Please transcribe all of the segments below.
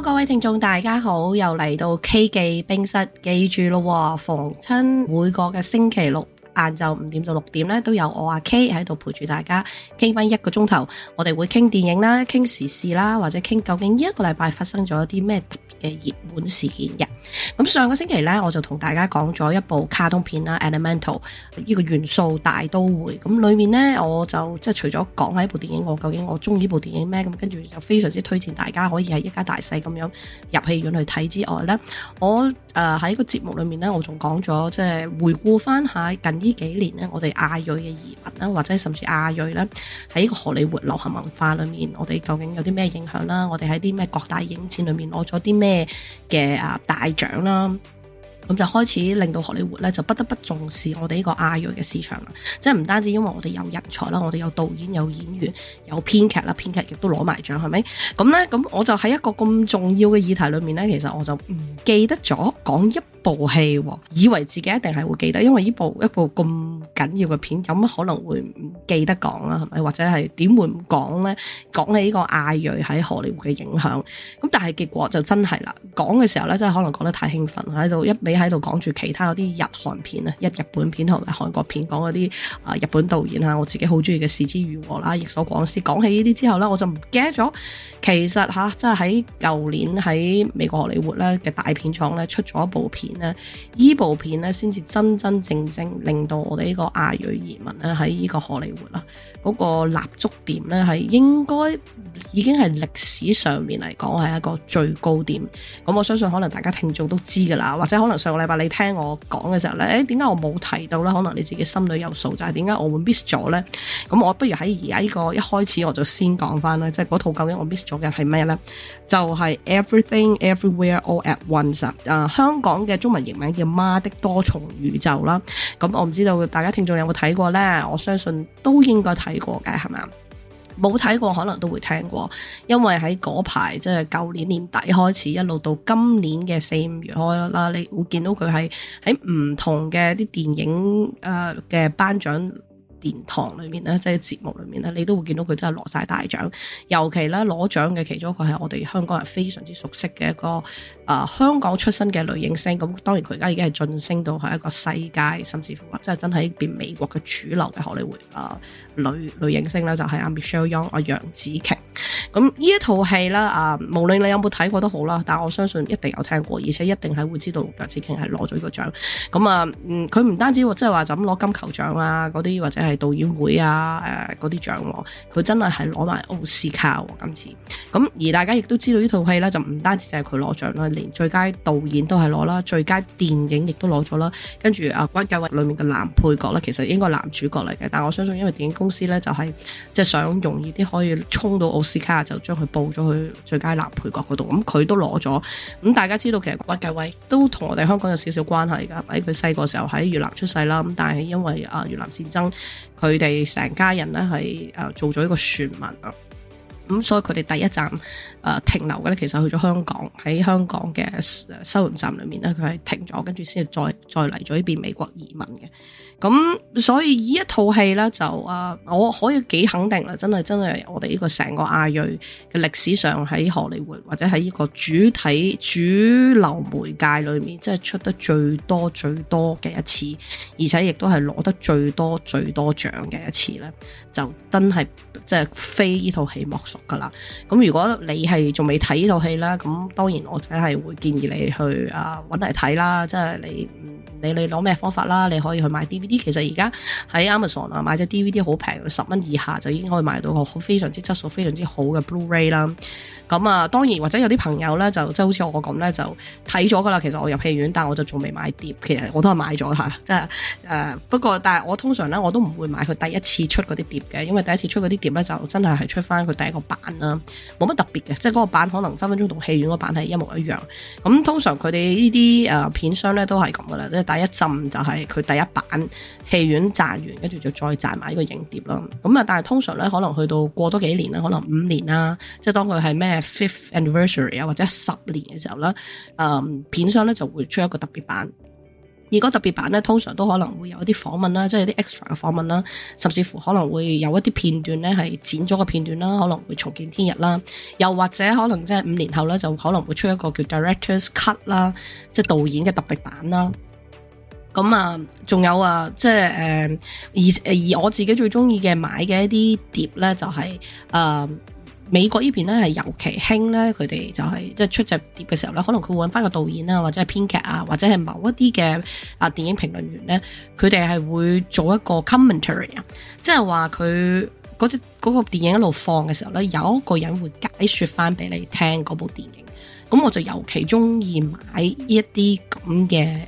各位聽眾大家好，又嚟到 K 記冰室，記住咯，喎，逢親每個嘅星期六。晏晝五點到六點咧，都有我阿 K 喺度陪住大家傾翻一個鐘頭。我哋會傾電影啦，傾時事啦，或者傾究竟呢一個禮拜發生咗一啲咩特別嘅熱門事件嘅。咁上個星期呢，我就同大家講咗一部卡通片啦，《Elemental》呢個元素大都會。咁裡面呢，我就即係除咗講喺部電影，我究竟我中意呢部電影咩？咁跟住就非常之推薦大家可以喺一家大細咁樣入戲院去睇之外呢，我誒喺、呃、個節目裡面呢，我仲講咗即係回顧翻下近呢幾年咧，我哋亞裔嘅移民啦，或者甚至亞裔咧，喺呢個荷里活流行文化裏面，我哋究竟有啲咩影響啦？我哋喺啲咩各大影展裏面攞咗啲咩嘅啊大獎啦？咁就開始令到荷里活呢，就不得不重視我哋呢個亞裔嘅市場啦。即係唔單止因為我哋有人才啦，我哋有導演、有演員、有編劇啦，編劇亦都攞埋獎，係咪？咁呢？咁我就喺一個咁重要嘅議題裏面呢，其實我就唔記得咗講一部戲，以為自己一定係會記得，因為呢部一部咁。緊要嘅片有乜可能會唔記得講啦，係咪？或者係點會唔講呢？講起呢個亞裔喺荷里活嘅影響，咁但係結果就真係啦。講嘅時候呢，真係可能講得太興奮，喺度一味喺度講住其他嗰啲日韓片啊，一日本片同埋韓國片，講嗰啲啊日本導演啊，我自己好中意嘅是枝裕和啦，亦所講先講起呢啲之後呢，我就唔記得咗，其實吓真係喺舊年喺美國荷里活咧嘅大片廠咧出咗一部片呢。呢部片呢，先至真真正正令到我哋呢個。亞裔移民咧喺呢個荷里活啦，嗰、個蠟燭店咧係應該，已經係歷史上面嚟講係一個最高點，咁我相信可能大家聽眾都知噶啦，或者可能上個禮拜你聽我講嘅時候呢，誒、哎，點解我冇提到呢？可能你自己心裏有數，就係點解我會 miss 咗呢？咁我不如喺而家呢個一開始我就先講翻呢，即係嗰套究竟我 miss 咗嘅係咩呢？就係、是、Everything Everywhere All At Once，、啊呃、香港嘅中文譯名叫媽的多重宇宙啦。咁、啊、我唔知道大家聽眾有冇睇過呢？我相信都應該睇過嘅，係咪？冇睇過，可能都會聽過，因為喺嗰排即係舊年年底開始，一路到今年嘅四五月開啦，你會見到佢係喺唔同嘅啲電影誒嘅頒獎殿堂裏面咧，即係節目裏面咧，你都會見到佢真係攞晒大獎，尤其咧攞獎嘅其中一個係我哋香港人非常之熟悉嘅一個誒、呃、香港出身嘅女影星，咁當然佢而家已經係晉升到係一個世界，甚至乎即係真係變美國嘅主流嘅荷里活啦。女女影星咧就係阿 Michelle Yeoh 阿楊紫瓊，咁呢一套戲啦啊，無論你有冇睇過都好啦，但我相信一定有聽過，而且一定係會知道楊紫瓊係攞咗呢個獎咁啊，嗯，佢唔單止話即係話就咁攞金球獎啊，嗰啲或者係導演會啊嗰啲獎喎、啊，佢真係係攞埋奧斯卡喎、啊、今次，咁而大家亦都知道呢套戲咧就唔單止就係佢攞獎啦，連最佳導演都係攞啦，最佳電影亦都攞咗啦，跟住啊關繼威裡面嘅男配角呢，其實應該男主角嚟嘅，但我相信因為電影公公司咧就係即係想容易啲可以衝到奧斯卡，就將佢報咗去最佳男配角嗰度。咁佢都攞咗。咁、嗯、大家知道，其實關繼威都同我哋香港有少少關係噶。喺佢細個時候喺越南出世啦，咁但係因為啊、呃、越南戰爭，佢哋成家人咧係、呃、做咗一個船民啊。咁、嗯、所以佢哋第一站誒、呃、停留嘅咧，其實去咗香港。喺香港嘅收容站裏面咧，佢係停咗，跟住先再再嚟咗呢邊美國移民嘅。咁所以呢一套戲咧就啊，我可以幾肯定啦，真係真係我哋呢個成個亞裔嘅歷史上喺荷里活或者喺呢個主體主流媒介裏面，即係出得最多最多嘅一次，而且亦都係攞得最多最多獎嘅一次咧，就真係即係非呢套戲莫屬噶啦。咁如果你係仲未睇呢套戲咧，咁當然我真係會建議你去啊搵嚟睇啦，即係你你你攞咩方法啦，你可以去買 D 啲其實而家喺 Amazon 啊買隻 DVD 好平，十蚊以下就已經可以買到個好非常之質素、非常之好嘅 Blu-ray 啦。咁啊，當然或者有啲朋友咧就即係好似我咁咧就睇咗噶啦。其實我入戲院，但係我就仲未買碟。其實我都係買咗下。即係誒。不過但係我通常咧我都唔會買佢第一次出嗰啲碟嘅，因為第一次出嗰啲碟咧就真係係出翻佢第一個版啦，冇乜特別嘅，即係嗰個版可能分分鐘同戲院嗰版係一模一樣。咁通常佢哋呢啲誒片商咧都係咁噶啦，即係第一浸就係佢第一版。戲院賺完，跟住就再賺埋呢個影碟啦。咁啊，但係通常咧，可能去到過多幾年啦，可能五年啦，即係當佢係咩 fifth anniversary 啊，或者十年嘅時候啦，嗯，片商咧就會出一個特別版。而嗰特別版咧，通常都可能會有一啲訪問啦，即係啲 extra 嘅訪問啦，甚至乎可能會有一啲片段咧係剪咗個片段啦，可能會重見天日啦。又或者可能即係五年後咧，就可能會出一個叫 director's cut 啦，即係導演嘅特別版啦。咁啊，仲有啊，即係誒、呃，而而我自己最中意嘅買嘅一啲碟咧，就係、是、誒、呃、美國呢邊咧係尤其興咧，佢哋就係、是、即係出隻碟嘅時候咧，可能佢會搵翻個導演啊，或者係編劇啊，或者係某一啲嘅啊電影評論員咧，佢哋係會做一個 commentary 啊，即係話佢嗰隻嗰個電影一路放嘅時候咧，有一個人會解說翻俾你聽嗰部電影。咁我就尤其中意買呢一啲咁嘅。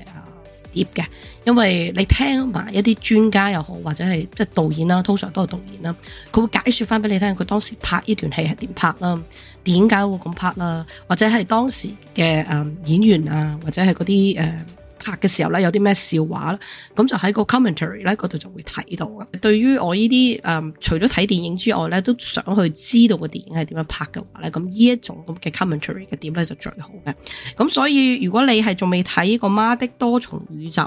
嘅，因為你聽埋一啲專家又好，或者係即係導演啦，通常都係導演啦，佢會解說翻俾你聽，佢當時拍呢段戲係點拍啦，點解會咁拍啦，或者係當時嘅誒演員啊，或者係嗰啲誒。呃拍嘅時候咧，有啲咩笑話咧，咁就喺個 commentary 咧，嗰度就會睇到嘅。對於我呢啲誒，除咗睇電影之外咧，都想去知道個電影係點樣拍嘅話咧，咁呢一種咁嘅 commentary 嘅點咧就最好嘅。咁所以如果你係仲未睇《個媽的多重宇宙》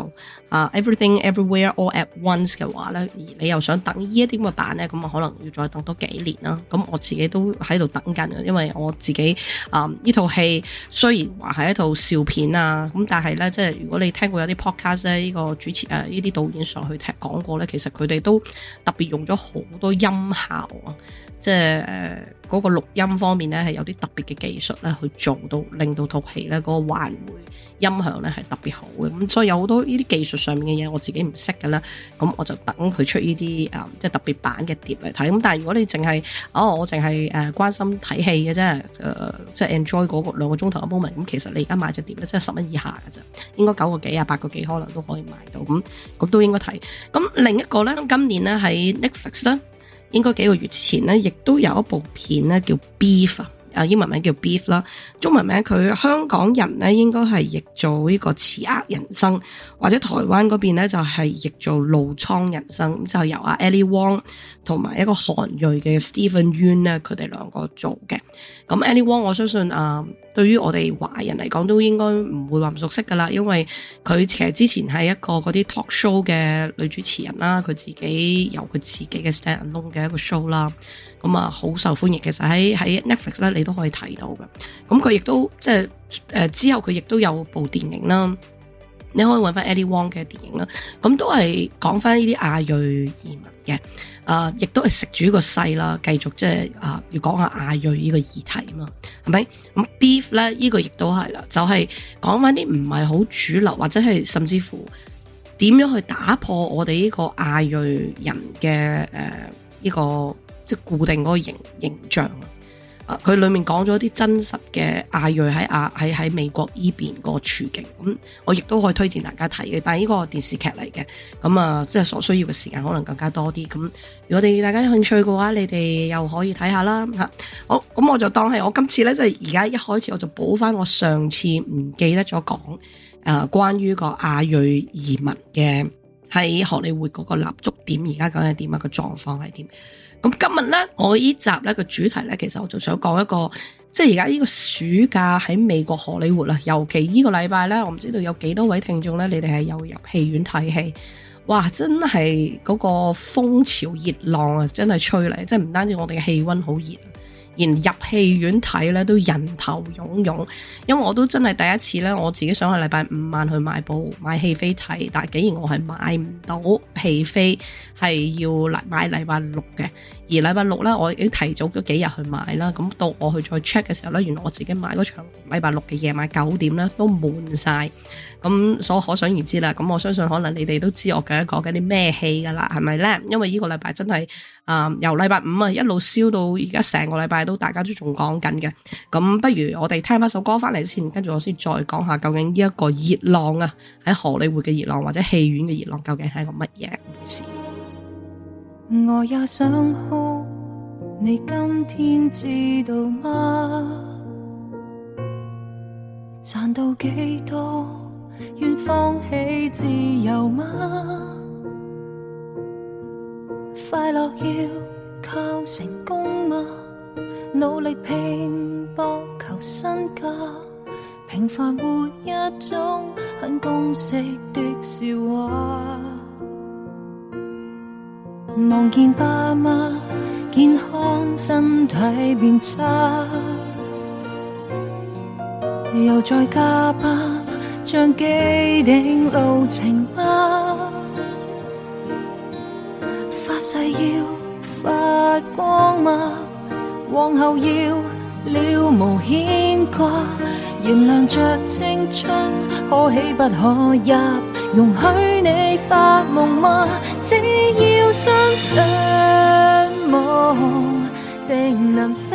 啊，《Everything Everywhere All At Once》嘅話咧，而你又想等呢一啲咁嘅版咧，咁可能要再等多幾年啦。咁我自己都喺度等緊，因為我自己誒呢套戲雖然話係一套笑片啊，咁但係咧即係如果你聽過有啲 podcast 咧？呢個主持啊，呢啲導演上去聽講過咧，其實佢哋都特別用咗好多音效啊，即係誒。呃嗰個錄音方面咧，係有啲特別嘅技術咧，去做到令到套戲咧嗰個環回音響咧係特別好嘅。咁所以有好多呢啲技術上面嘅嘢，我自己唔識嘅啦。咁我就等佢出呢啲啊即係特別版嘅碟嚟睇。咁但係如果你淨係哦，我淨係誒關心睇戲嘅啫，誒、呃、即係 enjoy 嗰個兩個鐘頭嘅 moment、嗯。咁其實你而家買隻碟咧，即係十蚊以下嘅啫，應該九個幾啊八個幾可能都可以買到。咁、嗯、咁都應該睇。咁另一個咧，今年咧喺 Netflix 咧。應該幾個月前亦都有一部片叫《Beef》。啊英文名叫 Beef 啦，中文名佢香港人咧應該係譯做呢個刺激人生，或者台灣嗰邊咧就係譯做怒嗆人生，就是、由阿 Ellie Wong 同埋一個韓裔嘅 Steven Yeun 咧，佢哋兩個做嘅。咁 Ellie Wong 我相信啊，對於我哋華人嚟講都應該唔會話唔熟悉噶啦，因為佢其實之前係一個嗰啲 talk show 嘅女主持人啦，佢自己有佢自己嘅 stand alone 嘅一個 show 啦。咁啊，好受歡迎，其實喺喺 Netflix 咧，你都可以睇到嘅。咁佢亦都即係誒，之後佢亦都有部電影啦，你可以搵翻 Eddie Wang 嘅電影啦。咁都係講翻呢啲亞裔移民嘅，誒、呃，亦都係食住個勢啦，繼續即係啊，要講下亞裔呢個議題啊嘛，係咪？咁 Beef 咧，呢、這個亦都係啦，就係講翻啲唔係好主流或者係甚至乎點樣去打破我哋呢個亞裔人嘅誒呢個。即係固定嗰個形形象啊。佢裏面講咗啲真實嘅亞裔喺阿喺喺美國呢邊個處境，咁、嗯、我亦都可以推薦大家睇嘅。但係呢個是電視劇嚟嘅，咁、嗯、啊，即係所需要嘅時間可能更加多啲。咁、嗯、如果哋大家有興趣嘅話，你哋又可以睇下啦吓、啊。好，咁我就當係我今次呢，即係而家一開始我就補翻我上次唔記得咗講誒，關於個亞裔移民嘅喺荷里活嗰個立足點，而家究竟係點啊個狀況係點。咁今日呢，我呢集呢個主題呢，其實我就想講一個，即係而家呢個暑假喺美國荷里活啊，尤其呢個禮拜呢，我唔知道有幾多位聽眾呢，你哋係又入戲院睇戲，哇！真係嗰個風潮熱浪啊，真係吹嚟，即係唔單止我哋嘅氣溫好熱。而入戲院睇咧都人頭湧湧，因為我都真係第一次咧，我自己想去禮拜五晚去買部買戲飛睇，但係竟然我係買唔到戲飛，係要禮買禮拜六嘅，而禮拜六咧我已經提早咗幾日去買啦，咁到我去再 check 嘅時候咧，原來我自己買嗰場禮拜六嘅夜晚九點咧都滿晒。咁所可想而知啦，咁我相信可能你哋都知我究竟講緊啲咩戲㗎啦，係咪咧？因為呢個禮拜真係、呃、由禮拜五啊一路燒到而家成個禮拜。都大家都仲講緊嘅，咁不如我哋聽翻首歌翻嚟先，跟住我先再講下究竟呢一個熱浪啊，喺荷里活嘅熱浪或者戲院嘅熱浪究竟係一個乜嘢回事？我也想哭，你今天知道嗎？賺到幾多，願放棄自由嗎？快樂要靠成功嗎？努力拼搏求身家，平凡活一種很公式的笑話。望見爸媽健康身體變差，又再加班，像既定路程嗎？發誓要發光嗎？往後要了無牽掛，原諒着青春，可喜不可入，容許你發夢嗎？只要相信，夢定能。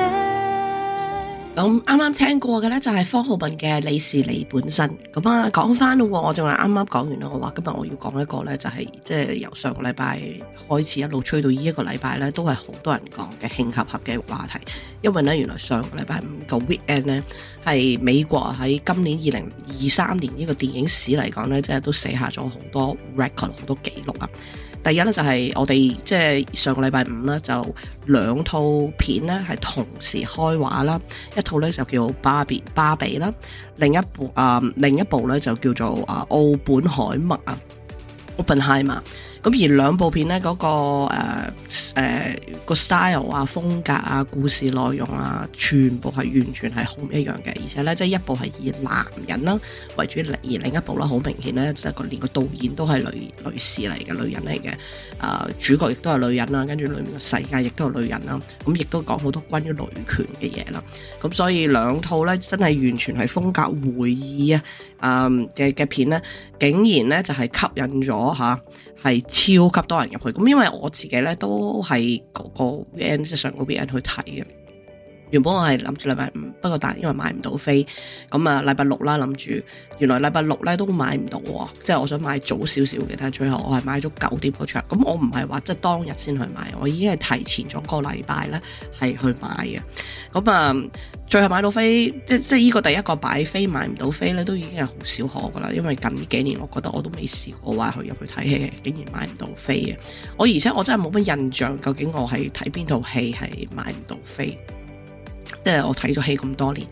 咁啱啱聽過嘅呢，就係方浩文嘅你是你本身。咁啊，講翻咯，我仲話啱啱講完咯。我話今日我要講一個呢、就是，就係即係由上個禮拜開始一路吹到呢一個禮拜呢，都係好多人講嘅興合合嘅話題。因為呢，原來上個禮拜五個 weekend 呢，係美國喺今年二零二三年呢個電影史嚟講呢，即係都寫下咗好多 record 好多記錄啊！第一咧就係、是、我哋即係上個禮拜五咧就兩套片咧係同時開畫啦，一套咧就叫芭比芭比啦，另一部啊另一部咧就叫做啊奧本海默啊，奧本海默。咁而兩部片咧，嗰、那個誒誒、呃呃、個 style 啊、風格啊、故事內容啊，全部係完全係好唔一樣嘅。而且咧，即係一部係以男人啦為主，而另一部啦，好明顯咧，即係個連個導演都係女女士嚟嘅，女人嚟嘅。啊，主角亦都係女人啦，跟住裡面嘅世界亦都係女人啦。咁亦都講好多關於女權嘅嘢啦。咁所以兩套咧，真係完全係風格迥異啊！嗯嘅嘅片呢，竟然呢就係、是、吸引咗下係超級多人入去。咁因為我自己呢，都係嗰個 VN, 是上個嘅呢只場嗰邊去睇嘅。原本我係諗住禮拜五，不過但係因為買唔到飛，咁啊禮拜六啦諗住，原來禮拜六咧，都買唔到，即係我想買早少少嘅，但係最後我係買咗九點個場，咁我唔係話即係當日先去買，我已經係提前咗個禮拜咧係去買嘅，咁啊最後買到飛，即即係呢個第一個擺飛買唔到飛咧，都已經係好少可噶啦，因為近幾年我覺得我都未試過話去入去睇戲，竟然買唔到飛啊！我而且我真係冇乜印象，究竟我係睇邊套戲係買唔到飛。即係我睇咗戲咁多年，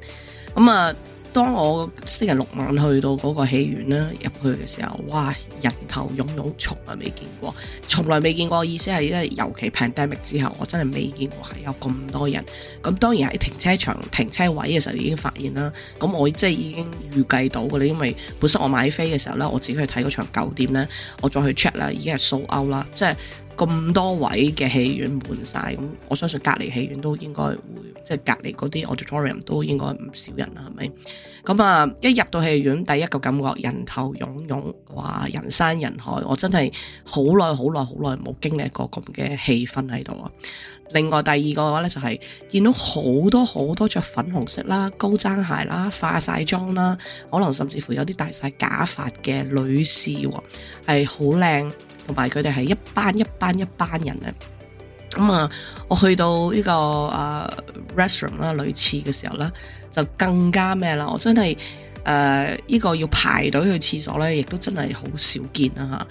咁啊，當我星期六晚去到嗰個戲院咧入去嘅時候，哇，人頭湧湧，從來未見過，從來未見過，意思係即係尤其 pandemic 之後，我真係未見過係有咁多人。咁當然喺停車場停車位嘅時候已經發現啦。咁我即係已經預計到噶啦，因為本身我買飛嘅時候咧，我自己去睇嗰場九點咧，我再去 check 啦，已經係 sold out 啦，即係。咁多位嘅戲院滿晒，咁我相信隔離戲院都應該會，即係隔離嗰啲 auditorium 都應該唔少人啦，係咪？咁啊，一入到戲院，第一個感覺人頭湧湧，哇，人山人海，我真係好耐好耐好耐冇經歷過咁嘅氣氛喺度啊！另外第二個話呢，就係見到好多好多着粉紅色啦、高踭鞋啦、化晒妝啦，可能甚至乎有啲戴晒假髮嘅女士喎，係好靚。同埋佢哋係一班一班一班人咧，咁、嗯、啊，我去到呢、這個啊、呃、restaurant 啦、呃，女廁嘅時候啦，就更加咩啦，我真係誒呢個要排隊去廁所咧，亦都真係好少見啦吓、啊。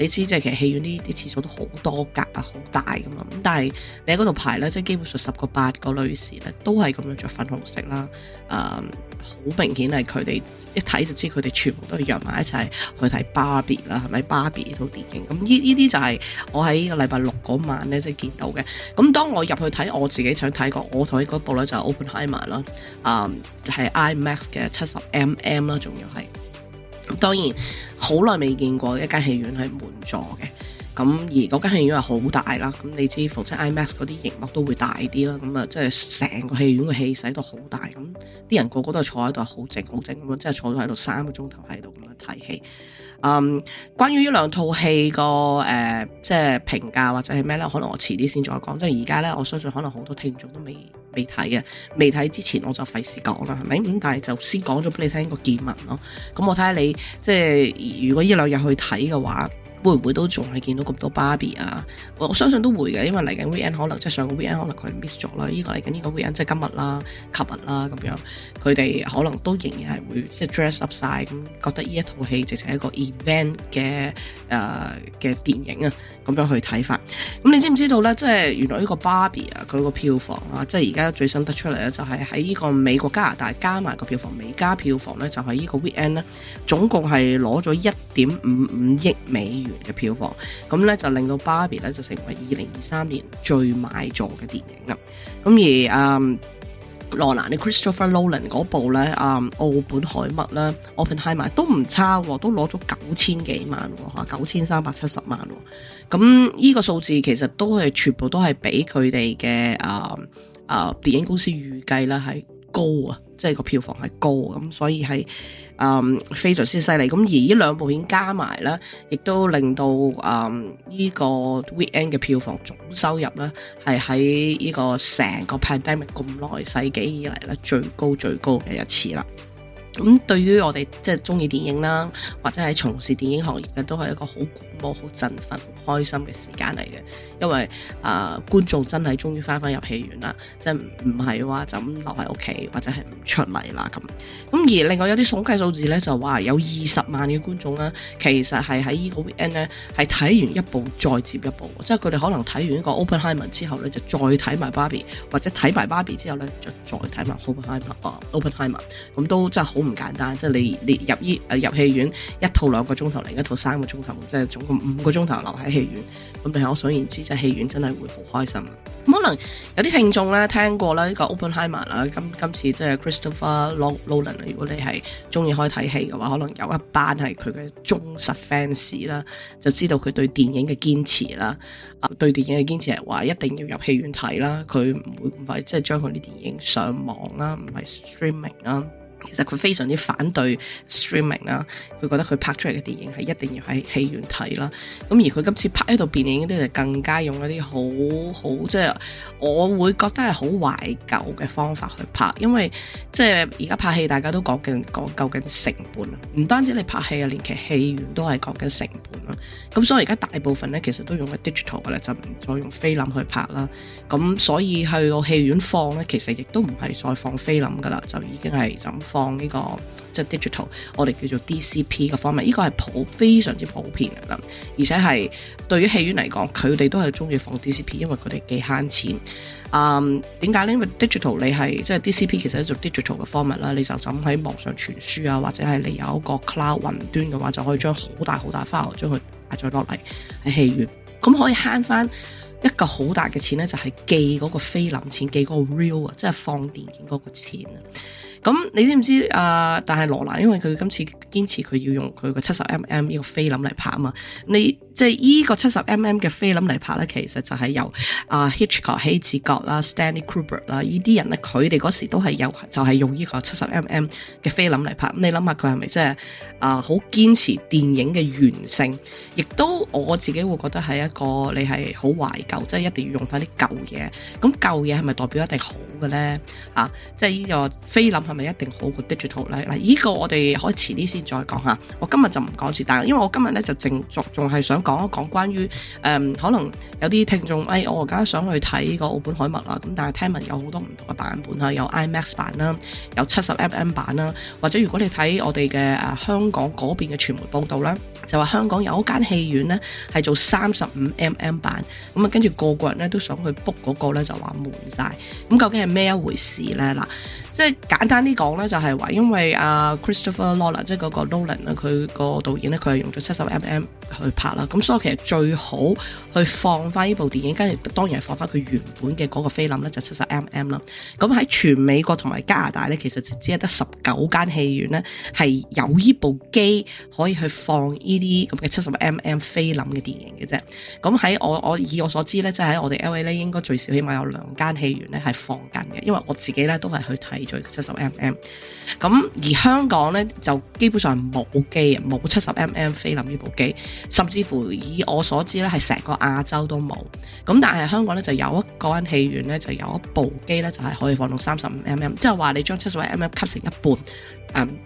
你知即係其實戲院啲啲廁所都好多格啊，好大㗎嘛。咁但係你喺嗰度排咧，即係基本上十個八個女士咧，都係咁樣着粉紅色啦，誒、啊。好明顯係佢哋一睇就知佢哋全部都係約埋一齊去睇芭比啦，係咪芭比呢套電影？咁呢呢啲就係我喺個禮拜六嗰晚咧即係見到嘅。咁當我入去睇，我自己想睇個，我台嗰部咧就 Oppenheimer 啦、嗯，啊係 IMAX 嘅七十 mm 啦，仲要係，當然好耐未見過一間戲院係滿座嘅。咁而嗰間戲院係好大啦，咁你知，逢親 IMAX 嗰啲熒幕都會大啲啦，咁啊，即係成個戲院嘅氣勢都好大，咁啲人個個都係坐喺度，好靜好靜咁樣，即係坐咗喺度三個鐘頭喺度咁樣睇戲。嗯，關於呢兩套戲個誒，即係評價或者係咩咧，可能我遲啲先再講。即係而家咧，我相信可能好多聽眾都未未睇嘅，未睇之前我就費事講啦，係咪？咁但係就先講咗俾你聽一個見聞咯。咁我睇下你，即係如果呢兩日去睇嘅話。會唔會都仲係見到咁多芭比啊？我我相信都會嘅，因為嚟緊 V N 可能即係上個 V N 可能佢 miss 咗啦，呢、呢個嚟緊呢個 V N 即係今日啦、及日啦咁樣，佢哋可能都仍然係會即係 dress up 晒，咁覺得呢一套戲直情係一個 event 嘅嘅、呃、電影啊，咁樣去睇法。咁你知唔知道咧？即係原來呢個芭比啊，佢個票房啊，即係而家最新得出嚟咧，就係喺呢個美國加拿大加埋個票房，美加票房咧就係呢個 V N 咧，總共係攞咗一點五五億美元嘅票房，咁咧就令到芭比咧就成為二零二三年最賣座嘅電影啊！咁而阿羅、嗯、蘭嘅 Christopher Nolan 嗰部咧《阿、嗯、奧本海默》啦 Oppenheimer》都唔差，都攞咗九千幾萬吓，九千三百七十萬。咁、啊、呢、啊、個數字其實都係全部都係比佢哋嘅啊啊電影公司預計咧係高啊，即、就、係、是、個票房係高，咁所以喺。誒、um, 非常之犀利，咁而呢兩部片加埋咧，亦都令到誒呢、um, 個 weekend 嘅票房總收入咧，係喺呢個成個 pandemic 咁耐世紀以嚟咧最高最高嘅一次啦。咁對於我哋即係中意電影啦，或者係從事電影行業嘅，都係一個好鼓舞、好振奮、好開心嘅時間嚟嘅。因為啊、呃，觀眾真係終於翻返入戲院啦，即係唔係話就咁留喺屋企，或者係唔出嚟啦咁。咁而另外有啲統計數字咧，就話有二十萬嘅觀眾咧，其實係喺、e、呢個 weekend 咧，係睇完一部再接一部，即係佢哋可能睇完《一個 Oppenheimer》之後咧，就再睇埋《Barbie》或者睇埋《Barbie》之後咧，就再睇埋、哦《Oppenheimer》啊，《Oppenheimer》咁都真係好。唔簡單，即係你你入依入戲院一套兩個鐘頭，另一套三個鐘頭，即係總共五個鐘頭留喺戲院。咁但係我想言之，即係戲院真係會好開心。咁可能有啲聽眾咧聽過啦，呢個 Openheimer 啦，今今次即係 Christopher Nolan 啊。如果你係中意開睇戲嘅話，可能有一班係佢嘅忠實 fans 啦，就知道佢對電影嘅堅持啦，對電影嘅堅持係話一定要入戲院睇啦，佢唔會唔係即係將佢啲電影上網啦，唔係 streaming 啦。其實佢非常之反對 streaming 啦，佢覺得佢拍出嚟嘅電影係一定要喺戲院睇啦。咁而佢今次拍呢套電影咧，就更加用一啲好好即係，我會覺得係好懷舊嘅方法去拍，因為即係而家拍戲大家都講緊講究緊成本，唔單止你拍戲啊，連其戲院都係講緊成本啦。咁所以而家大部分咧，其實都用咗 digital 噶啦，就唔再用菲林去拍啦。咁所以去個戲院放咧，其實亦都唔係再放菲林噶啦，就已經係就。放呢、這個即係、就是、digital，我哋叫做 DCP 嘅方面。呢個係普非常之普遍噶啦，而且係對於戲院嚟講，佢哋都係中意放 DCP，因為佢哋幾慳錢。嗯，點解咧？因為 digital 你係即係、就是、DCP，其實做 digital 嘅方面啦。你就咁喺網上傳輸啊，或者係你有一個 cloud 雲端嘅話，就可以將好大好大花 i l 將佢下咗落嚟喺戲院，咁可以慳翻一個好大嘅錢咧，就係、是、寄嗰個菲林錢，寄嗰個 real 啊，即係放電影嗰個錢啊。咁你知唔知啊、呃？但係羅蘭，因為佢今次堅持佢要用佢、mm、個七十 mm 呢個菲林嚟拍啊嘛，你。即係呢個七十 mm 嘅菲林嚟拍咧，其實就係由 Hitchcock、希治閣啦、Stanley Kubrick 啦呢啲人咧，佢哋嗰時都係有，就係用呢個七十 mm 嘅菲林嚟拍。你諗下佢係咪真係啊好堅持電影嘅原性？亦都我自己會覺得係一個你係好懷舊，即係一定要用翻啲舊嘢。咁舊嘢係咪代表一定好嘅咧？啊，即係呢個菲林係咪一定好過 digital 咧？嗱，呢個我哋可以遲啲先再講吓。我今日就唔講住，但係因為我今日咧就正作仲係想。講一講關於誒、嗯，可能有啲聽眾，哎，我而家想去睇個《奧本海默》啦，咁但係聽聞有好多唔同嘅版本，有 IMAX 版啦，有七十 mm 版啦，或者如果你睇我哋嘅誒香港嗰邊嘅傳媒報道啦，就話香港有一間戲院呢係做三十五 mm 版，咁啊跟住個個人呢都想去 book 嗰個呢，就話悶晒，咁、嗯、究竟係咩一回事呢？嗱？即係簡單啲講咧，就係話因為啊 Christopher Nolan 即係嗰個 Nolan 啊，佢個導演咧，佢係用咗七十 mm 去拍啦。咁所以我其實最好去放翻呢部電影，跟住當然係放翻佢原本嘅嗰個菲林咧，就七十 mm 啦。咁喺全美國同埋加拿大咧，其實只係得十九間戲院咧，係有呢部機可以去放呢啲咁嘅七十 mm 菲林嘅電影嘅啫。咁喺我我以我所知咧，即係喺我哋 L A 咧，應該最少起碼有兩間戲院咧，係放緊嘅，因為我自己咧都係去睇。最七十 mm，咁而香港呢，就基本上冇機，冇七十 mm 菲林呢部機，甚至乎以我所知呢，係成個亞洲都冇。咁但係香港呢，就有一個間戲院呢，就有一部機呢，就係可以放到三十五 mm，即係話你將七十 mm 吸成一半，誒、嗯。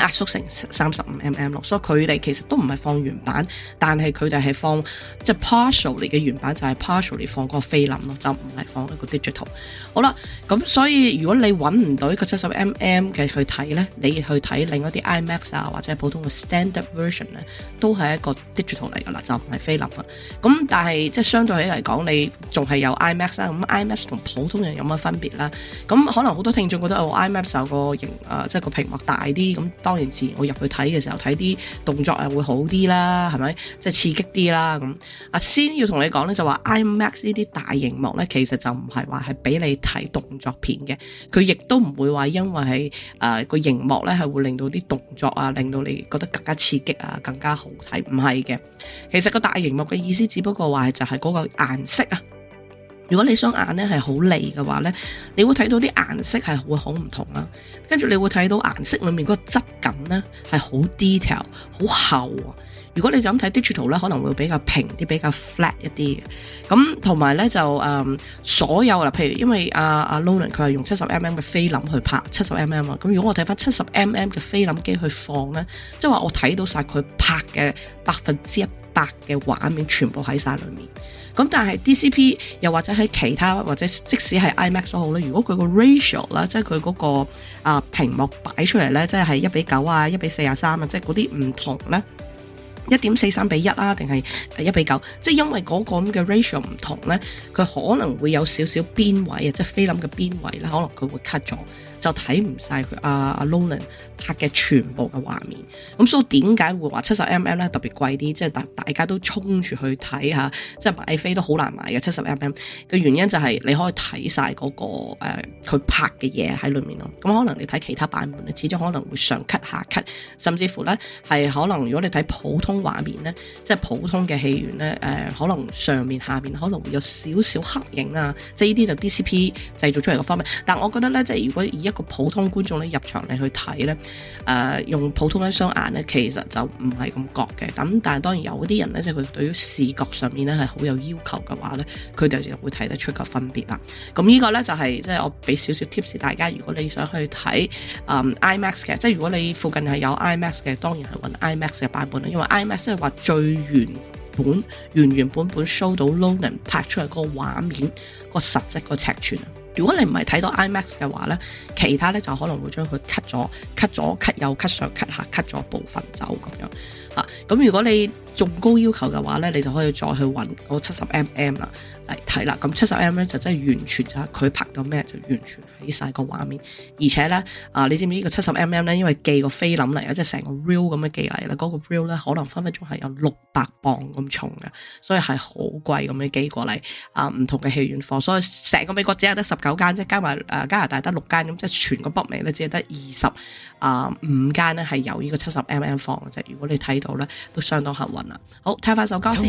壓縮成三十五 mm 咯，所以佢哋其實都唔係放原版，但係佢哋係放即係、就是、partially 嘅原版就是，就係 partially 放個菲林咯，就唔係放一個 digital。好啦，咁所以如果你揾唔到一個、mm、呢個七十 mm 嘅去睇咧，你去睇另一啲 IMAX 啊，或者普通嘅 standard version 咧，都係一個 digital 嚟噶啦，就唔係菲林啊。咁但係即係相對起嚟講，你仲係有 IMAX 啊。咁 IMAX 同普通人有乜分別咧？咁可能好多聽眾覺得哦 IMAX 有個形啊、呃，即係個屏幕大啲咁。當然自然，我入去睇嘅時候睇啲動作啊會好啲啦，係咪？即係刺激啲啦咁。啊，先要同你講咧，就話 IMAX 呢啲大熒幕咧，其實就唔係話係俾你睇動作片嘅，佢亦都唔會話因為係誒個熒幕咧係會令到啲動作啊，令到你覺得更加刺激啊，更加好睇，唔係嘅。其實個大熒幕嘅意思只不過話就係嗰個顏色啊。如果你雙眼咧係好利嘅話咧，你會睇到啲顏色係會好唔同啦。跟住你會睇到顏色裏面嗰個質感咧係好 detail、好厚。如果你就咁睇 digital 咧，可能會比較平啲、比較 flat 一啲。咁同埋咧就誒、嗯，所有啦，譬如因為阿阿 Nolan 佢係用七十 mm 嘅菲林去拍七十 mm 啊。咁如果我睇翻七十 mm 嘅菲林機去放咧，即係話我睇到晒佢拍嘅百分之一百嘅畫面，全部喺晒裏面。咁但係 DCP 又或者喺其他或者即使係 IMAX 都好啦。如果佢個 ratio 啦，即係佢嗰個啊屏幕擺出嚟咧，1. 1, 是 1: 9, 即係係一比九啊，一比四啊、三啊，即係嗰啲唔同咧，一點四三比一啊，定係一比九，即係因為嗰個咁嘅 ratio 唔同咧，佢可能會有少少邊位啊，即係菲林嘅邊位啦，可能佢會 cut 咗，就睇唔晒佢阿阿 Nolan。啊啊拍嘅全部嘅畫面，咁所以點解會話七十 mm 咧特別貴啲，即係大大家都衝住去睇下，即係買飛都好難買嘅七十 mm 嘅原因就係你可以睇晒嗰個誒佢，呃、拍嘅嘢喺裏面咯。咁可能你睇其他版本咧，始終可能會上 cut 下 cut，甚至乎咧係可能如果你睇普通畫面咧，即係普通嘅戲院咧，誒、呃、可能上面下面可能會有少少黑影啦，即係呢啲就 DCP 製造出嚟嘅方面。但我覺得咧，即係如果以一個普通觀眾咧入場嚟去睇咧。誒、呃，用普通一雙眼咧，其實就唔係咁覺嘅。咁但係當然有啲人咧，即係佢對於視覺上面咧係好有要求嘅話咧，佢哋就會睇得出個分別啦。咁、嗯這個、呢個咧就係即係我俾少少 tips，大家如果你想去睇誒、嗯、IMAX 嘅，即係如果你附近係有 IMAX 嘅，當然係搵 IMAX 嘅版本啦。因為 IMAX 即係話最原本、原原本本 show 到 Nolan 拍出嚟嗰個畫面、嗰個實質、嗰個尺寸。如果你唔係睇到 IMAX 嘅話咧，其他咧就可能會將佢 cut 咗，cut 咗，cut 右 cut 上，cut 下，cut 咗部分走咁樣。咁如果你仲高要求嘅話咧，你就可以再去揾個七十 mm 啦嚟睇啦。咁七十 mm 就真係完全就係，佢拍到咩就完全喺晒個畫面。而且咧啊，你知唔知、mm、呢個七十 mm 咧？因為寄個菲林嚟啊，即係成個 reel 咁樣寄嚟啦。嗰、嗰個 reel 咧可能分分鐘係有六百磅咁重嘅，所以係好貴咁樣寄過嚟啊。唔同嘅戲院放，所以成個美國只係得十九間即加埋誒加拿大得六間咁，即係全個北美咧只係得二十啊五間咧係有呢個七十 mm 放嘅啫。如果你睇到咧都相當幸運啦！好，聽翻首歌先。